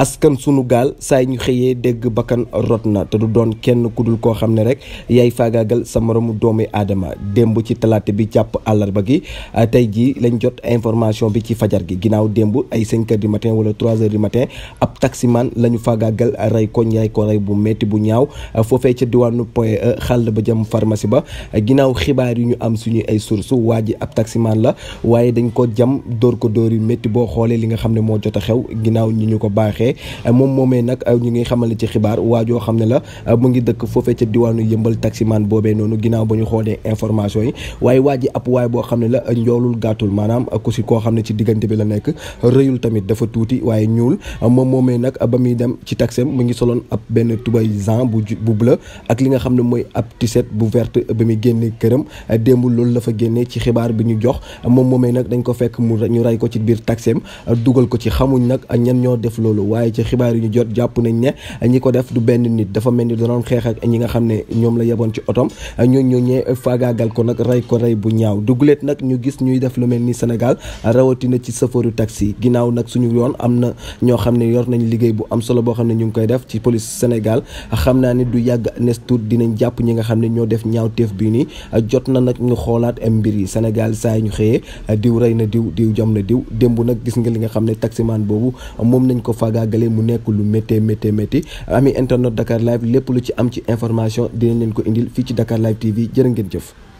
askan sunu gaal saa ñu xëyee dégg bakkan rot na te du doon kenn ku dul koo xam ne rek yaay faagaagal sa moromu doomi aadama démb ci talaate bi jàpp àllarba gi euh, tey jii lañ jot information bi ci fajar gi ginnaaw démb ay 5 heures du matin wala trois heures du matin ab taximan la ñu faagaagal rey ko yaay ko rey bu metti bu ñaaw euh, foofee ca diwaanu Point E xàll ba jëm pharmacie ba euh, ginnaaw xibaar yu ñu am suñu ay source waa ji ab taximan la waaye dañ ko jam dóor ko dóor yu métti boo xoolee li nga xam ne moo jot a xew ginnaaw ñi ñu ko baaxee waxee moom moomee nag ñu ngi xamale ci xibaar waajoo xam ne la mu ngi dëkk foofee ca diwaanu yëmbal taximaan boobee noonu ginnaaw ba ñu xoolee information yi waaye waaj ji ab waay boo xam ne la njoolul gaatul maanaam ku si koo xam ne ci diggante bi la nekk rëyul tamit dafa tuuti waaye ñuul moom moomee nag ba muy dem ci taxem mu ngi soloon ab benn tubay zen bu bu bleu ak li nga xam ne mooy ab tiset bu verte ba muy génnee këram démb loolu la génnee ci xibaar bi ñu jox moom moomee nag dañ ko fekk mu ñu rey ko ci biir taxem dugal ko ci xamuñ nag ñan ñoo def waaye ci xibaar yi ñu jot jàpp nañ ne ñi ko def du benn nit dafa mel ni danoon xeex ak ñi nga xam ne ñoom la yeboon ci otom ñoo ñooñee faagaagal ko nag rey ko rey bu ñaaw duguleet nag ñu gis ñuy def lu mel ni senegal rawatina ci safaru taxi ginnaaw nag suñu yoon am na ñoo xam ne yor nañ liggéey bu am solo boo xam ne ñu ngi koy def ci police Sénégal xam naa ni du yàgg nes dinañ jàpp ñi nga xam ne ñoo def ñaaw ñaawteef bii nii jot na nag ñu xoolaat mbir yi Sénégal saa ñu xëyee diw rey na diw diw jam na diw démb nag gis nga li nga xam ne taximaan boobu jàggale mu nekk lu méttee méttee métti ami internet Dakar live lépp lu ci am ci information dinañ leen ko indil fii ci Dakar live TV jërë ngeen jëf